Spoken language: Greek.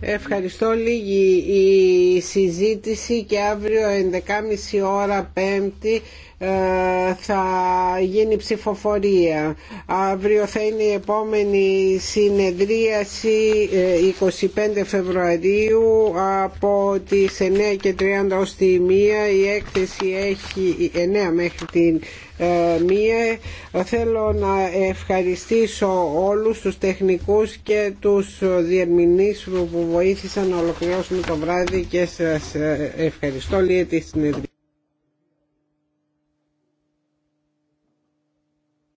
Ευχαριστώ λίγη η συζήτηση και αύριο 11.30 ώρα Πέμπτη ε, θα γίνει ψηφοφορία. Αύριο θα είναι η επόμενη συνεδρίαση 25 ε, Φεβρουαρίου από τις 9 και 30 ως τη 1. Η έκθεση έχει 9 μέχρι την 1. Ε, Θέλω να ευχαριστήσω όλους τους τεχνικούς και τους διερμηνείς που βοήθησαν να ολοκληρώσουμε το βράδυ και σας ε, ευχαριστώ. Λύεται η συνεδρία.